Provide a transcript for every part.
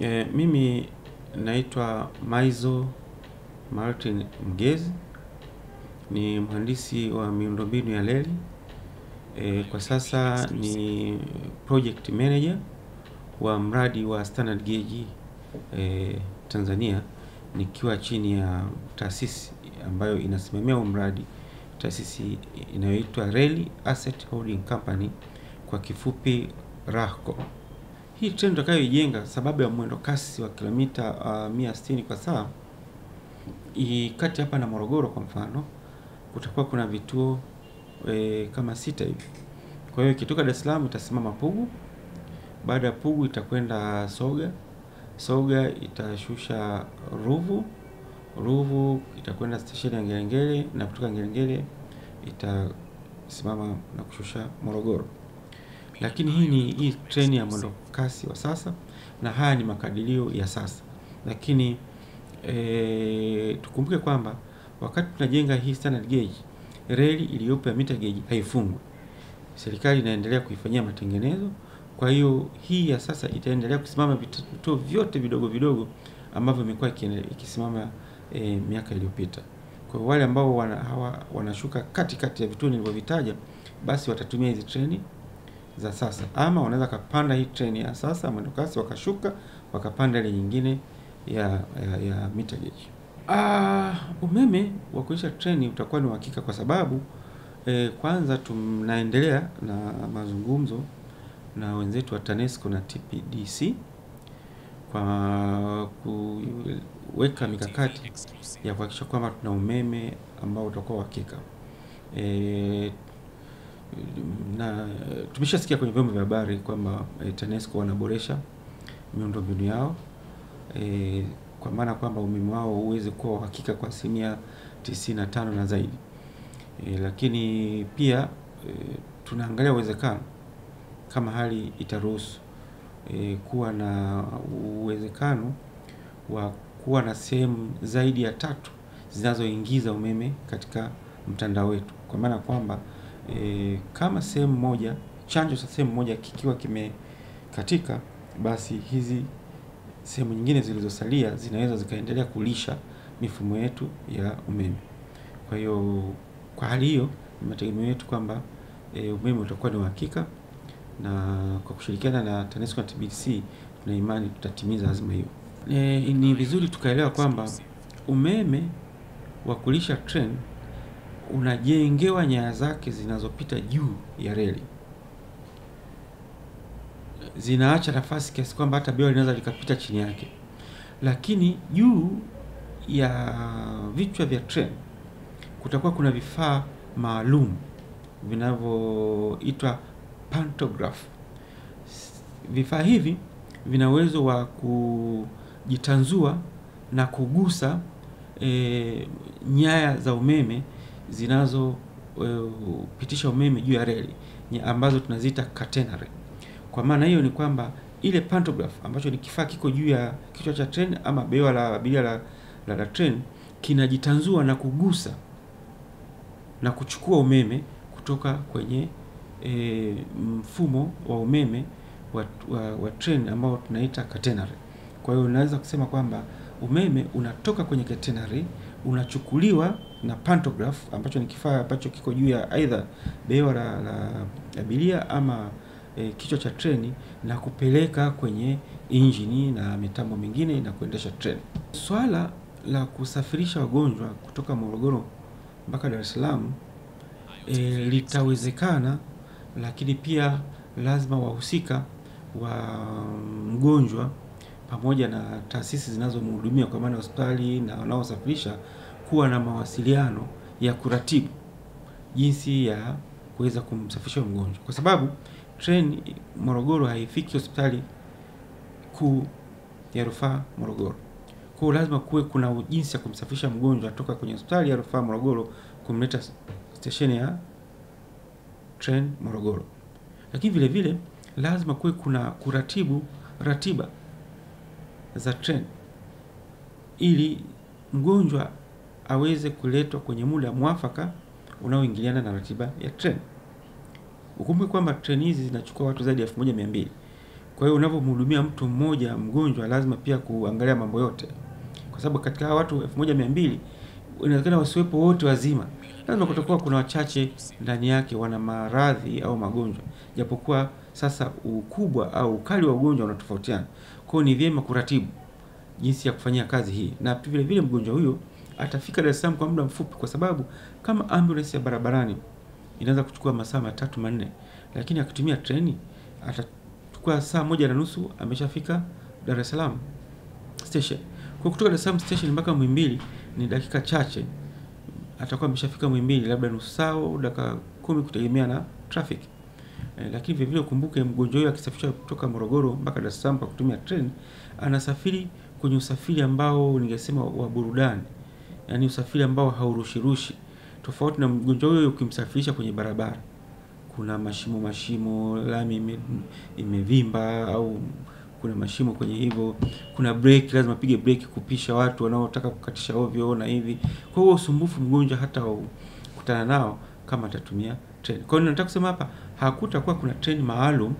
E, mimi naitwa Maizo Martin Mgezi, ni mhandisi wa miundombinu ya reli. E, kwa sasa ni project manager wa mradi wa standard gauge e, Tanzania nikiwa chini ya taasisi ambayo inasimamia huu mradi, taasisi inayoitwa Reli Asset Holding Company, kwa kifupi RAHCO. Hii treni utakayoijenga sababu ya mwendo kasi wa kilomita uh, 160 kwa saa kati hapa na Morogoro kwa mfano, kutakuwa kuna vituo e, kama sita hivi. Kwa hiyo ikitoka Dar es Salaam itasimama Pugu, baada ya Pugu itakwenda Soga, Soga itashusha Ruvu, Ruvu itakwenda stesheni ya Ngerengere na kutoka Ngerengere itasimama na kushusha Morogoro. Lakini hii ni hii treni ya mwendo kasi wa sasa, na haya ni makadirio ya sasa, lakini e, tukumbuke kwamba wakati tunajenga hii standard gauge, reli iliyopo ya meter gauge haifungwi, serikali inaendelea kuifanyia matengenezo. Kwa hiyo hii ya sasa itaendelea kusimama vituo vyote vidogo vidogo ambavyo imekuwa ikisimama e, miaka iliyopita. Kwa wale ambao wana, hawa, wanashuka katikati kati ya vituo nilivyovitaja, basi watatumia hizi treni za sasa, ama wanaweza kapanda hii treni ya sasa mwendokasi, wakashuka wakapanda ile nyingine ya, ya, ya mita gauge. Ah, umeme wa kuisha treni utakuwa ni uhakika kwa sababu eh, kwanza tunaendelea na mazungumzo na wenzetu wa TANESCO na TPDC kwa kuweka mikakati ya kuhakikisha kwamba tuna umeme ambao utakuwa uhakika. eh, na tumeshasikia kwenye vyombo vya habari kwamba e, TANESCO wanaboresha miundombinu yao e, kwa maana kwamba umeme wao uweze kuwa uhakika kwa asilimia 95 na zaidi e, lakini pia e, tunaangalia uwezekano kama hali itaruhusu e, kuwa na uwezekano wa kuwa na sehemu zaidi ya tatu zinazoingiza umeme katika mtandao wetu kwa maana kwamba e, kama sehemu moja chanjo cha sehemu moja kikiwa kimekatika, basi hizi sehemu nyingine zilizosalia zinaweza zikaendelea kulisha mifumo yetu ya umeme. Kwa hiyo kwa hali hiyo ni mategemeo yetu kwamba e, umeme utakuwa ni uhakika na kwa kushirikiana na TANESCO na TBC tuna imani tutatimiza azma hiyo. E, ni vizuri tukaelewa kwamba umeme wa kulisha treni unajengewa nyaya zake zinazopita juu ya reli, zinaacha nafasi kiasi kwamba hata bewa linaweza likapita chini yake, lakini juu ya vichwa vya treni kutakuwa kuna vifaa maalum vinavyoitwa pantograph. Vifaa hivi vina uwezo wa kujitanzua na kugusa e, nyaya za umeme zinazopitisha e, umeme juu ya reli ambazo tunaziita catenary. Kwa maana hiyo ni kwamba ile pantograph ambacho ni kifaa kiko juu ya kichwa cha treni ama bewa la abiria la, la, la treni kinajitanzua na kugusa na kuchukua umeme kutoka kwenye e, mfumo wa umeme wa, wa, wa treni ambao tunaita catenary. Kwa hiyo naweza kusema kwamba umeme unatoka kwenye catenary unachukuliwa na pantograph ambacho ni kifaa ambacho kiko juu ya aidha bewa la, la abiria ama e, kichwa cha treni na kupeleka kwenye injini na mitambo mingine na kuendesha treni. Swala la kusafirisha wagonjwa kutoka Morogoro mpaka Dar es Salaam e, litawezekana, lakini pia lazima wahusika wa mm, mgonjwa pamoja na taasisi zinazomhudumia kwa maana hospitali na wanaosafirisha kuwa na mawasiliano ya kuratibu jinsi ya kuweza kumsafirisha mgonjwa, kwa sababu treni Morogoro haifiki hospitali kuu ya rufaa Morogoro. Kwa lazima kuwe kuna jinsi ya kumsafirisha mgonjwa toka kwenye hospitali ya rufaa Morogoro kumleta stesheni ya treni Morogoro, lakini vile vile lazima kuwe kuna kuratibu ratiba za treni ili mgonjwa aweze kuletwa kwenye muda mwafaka unaoingiliana na ratiba ya treni. Ukumbuke kwamba treni hizi zinachukua watu zaidi ya elfu moja mia mbili. Kwa hiyo unavyomhudumia mtu mmoja mgonjwa, lazima pia kuangalia mambo yote, kwa sababu katika hawa watu elfu moja mia mbili inawezekana wasiwepo wote wazima, lazima kutokuwa kuna wachache ndani yake wana maradhi au magonjwa, japokuwa sasa ukubwa au ukali wa ugonjwa unatofautiana, kwao ni vyema kuratibu jinsi ya kufanyia kazi hii, na vile vile mgonjwa huyo atafika Dar es Salaam kwa muda mfupi, kwa sababu kama ambulance ya barabarani inaweza kuchukua masaa matatu manne, lakini akitumia treni atachukua saa moja na nusu ameshafika Dar es Salaam station. Kwa kutoka Dar es Salaam station mpaka Muhimbili ni dakika chache, atakuwa ameshafika Muhimbili, labda nusu saa dakika kumi, kutegemea na traffic. E, lakini vile vile ukumbuke mgonjwa huyo akisafirishwa kutoka Morogoro mpaka Dar es Salaam kwa kutumia treni, anasafiri kwenye usafiri ambao ningesema wa burudani, yaani usafiri ambao haurushirushi, tofauti na mgonjwa huyo ukimsafirisha kwenye barabara, kuna mashimo mashimo, lami imevimba ime au kuna mashimo kwenye hivyo, kuna break, lazima pige break kupisha watu wanaotaka kukatisha ovyo na hivi. Kwa hiyo usumbufu mgonjwa hata kutana nao kama atatumia treni. Kwa hiyo nataka kusema hapa hakutakuwa kuna treni maalum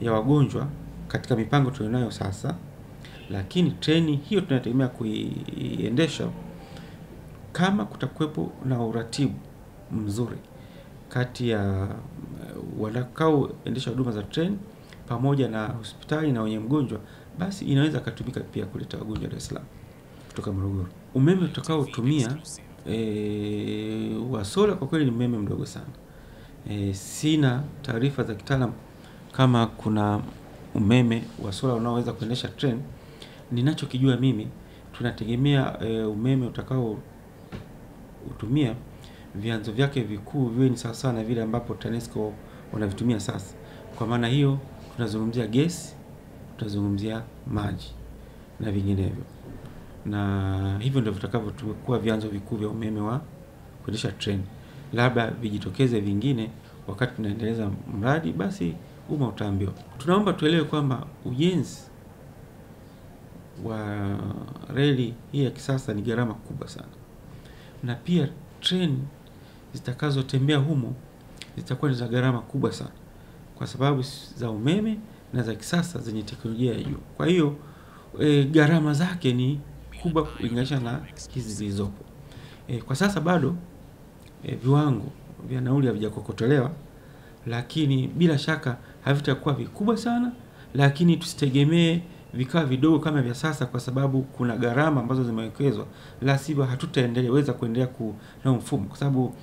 ya wagonjwa katika mipango tulionayo sasa, lakini treni hiyo tunategemea kuiendesha kama kutakuwepo na uratibu mzuri kati ya eh, watakaoendesha huduma za treni pamoja na hospitali na wenye mgonjwa, basi inaweza akatumika pia kuleta wagonjwa Dar es Salaam kutoka Morogoro. Umeme utakaotumia e, eh, wa sola kwa kweli ni umeme mdogo sana e, sina taarifa za kitaalam kama kuna umeme wa sola unaoweza kuendesha tren Ninachokijua mimi tunategemea e, umeme utakao utumia vyanzo vyake vikuu viwe ni sawasawa na vile ambapo TANESCO wanavitumia sasa. Kwa maana hiyo, tunazungumzia gesi, tunazungumzia maji na vinginevyo, na hivyo ndio vitakavyokuwa vyanzo vikuu vya umeme wa kuendesha treni labda vijitokeze vingine wakati tunaendeleza mradi, basi umma utaambiwa. Tunaomba tuelewe kwamba ujenzi wa reli hii ya kisasa ni gharama kubwa sana, na pia treni zitakazotembea humo zitakuwa ni za gharama kubwa sana, kwa sababu za umeme na za kisasa zenye teknolojia ya juu. Kwa hiyo e, gharama zake ni kubwa kulinganisha na hizi zilizopo. E, kwa sasa bado e, viwango vya nauli havijakokotolewa, lakini bila shaka havitakuwa vikubwa sana, lakini tusitegemee vikawa vidogo kama vya sasa, kwa sababu kuna gharama ambazo zimewekezwa, la sivyo hatutaendeleweza kuendelea kunao mfumo, kwa sababu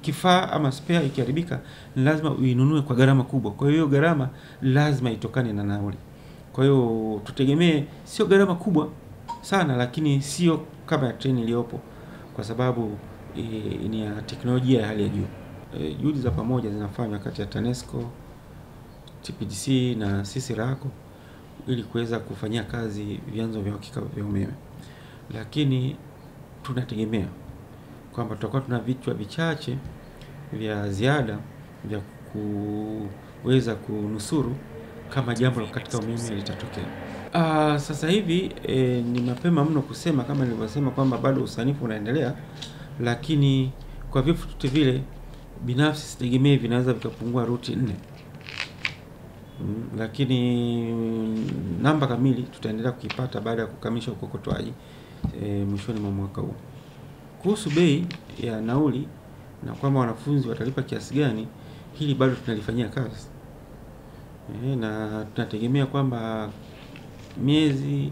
kifaa ama spare ikiharibika ni lazima uinunue kwa gharama kubwa. Kwa hiyo gharama lazima itokane na nauli. Kwa hiyo tutegemee sio gharama kubwa sana, lakini sio kama ya treni iliyopo, kwa sababu e, ni ya teknolojia ya hali ya juu. E, juhudi za pamoja zinafanywa kati ya TANESCO, TPDC na CICIRACO ili kuweza kufanyia kazi vyanzo vya uhakika vya umeme, lakini tunategemea kwamba tutakuwa tuna vichwa vichache vya ziada vya kuweza kunusuru kama jambo katika umeme litatokea. Aa, sasa hivi e, ni mapema mno kusema kama nilivyosema kwamba bado usanifu unaendelea lakini kwa vifo vyote vile binafsi sitegemee vinaweza vikapungua ruti nne mm, lakini mm, namba kamili tutaendelea kuipata baada ya kukamilisha ukokotoaji e, mwishoni mwa mwaka huu. Kuhusu bei ya nauli na kwamba wanafunzi watalipa kiasi gani, hili bado tunalifanyia kazi e, na tunategemea kwamba miezi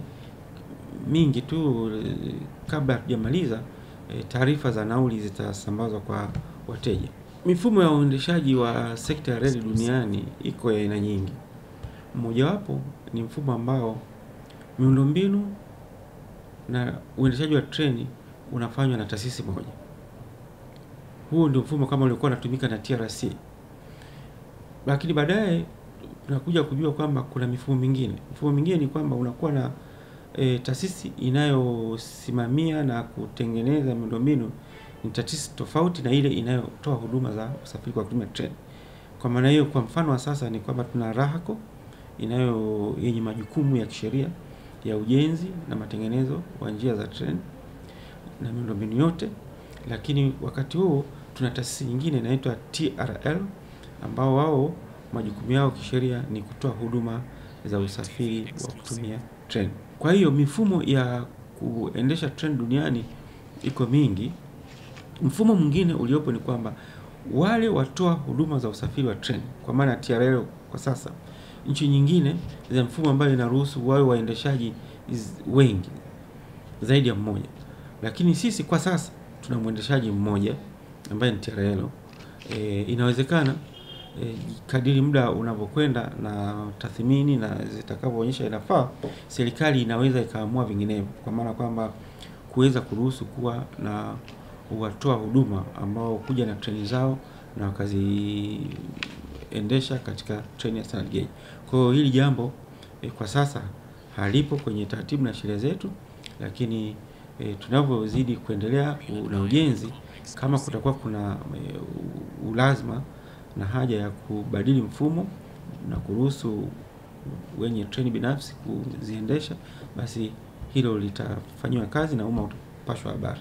mingi tu e, kabla hatujamaliza e, taarifa za nauli zitasambazwa kwa wateja. Mifumo ya uendeshaji wa sekta ya reli duniani iko ya aina nyingi. Mmojawapo ni mfumo ambao miundombinu na uendeshaji wa treni unafanywa na taasisi moja. Huu ndio mfumo kama uliokuwa unatumika na TRC, lakini baadaye tunakuja kujua kwamba kuna mifumo mingine. Mifumo mingine ni kwamba unakuwa na e, taasisi inayosimamia na kutengeneza miundombinu ni taasisi tofauti na ile inayotoa huduma za usafiri kwa kutumia treni. Kwa maana hiyo, kwa mfano wa sasa ni kwamba tuna RAHACO inayo yenye majukumu ya kisheria ya ujenzi na matengenezo wa njia za treni na miundombinu yote, lakini wakati huo tuna taasisi nyingine inaitwa TRL ambao wao majukumu yao kisheria ni kutoa huduma za usafiri wa kutumia treni. Kwa hiyo mifumo ya kuendesha treni duniani iko mingi. Mfumo mwingine uliopo ni kwamba wale watoa huduma za usafiri wa treni kwa maana ya TRL kwa sasa, nchi nyingine za mfumo ambayo inaruhusu wawe waendeshaji wengi zaidi ya mmoja, lakini sisi kwa sasa tuna mwendeshaji mmoja ambaye ni TRL. E, eh, inawezekana eh, kadiri muda unavyokwenda na tathmini na zitakavyoonyesha inafaa, serikali inaweza ikaamua vinginevyo, kwa maana kwamba kuweza kuruhusu kuwa na watoa huduma ambao kuja na treni zao na wakaziendesha katika treni ya standard gauge. Kwa hiyo hili jambo eh, kwa sasa halipo kwenye taratibu na sheria zetu, lakini eh, tunavyozidi kuendelea na ujenzi, kama kutakuwa kuna e, ulazima na haja ya kubadili mfumo na kuruhusu wenye treni binafsi kuziendesha, basi hilo litafanyiwa kazi na umma utapashwa habari.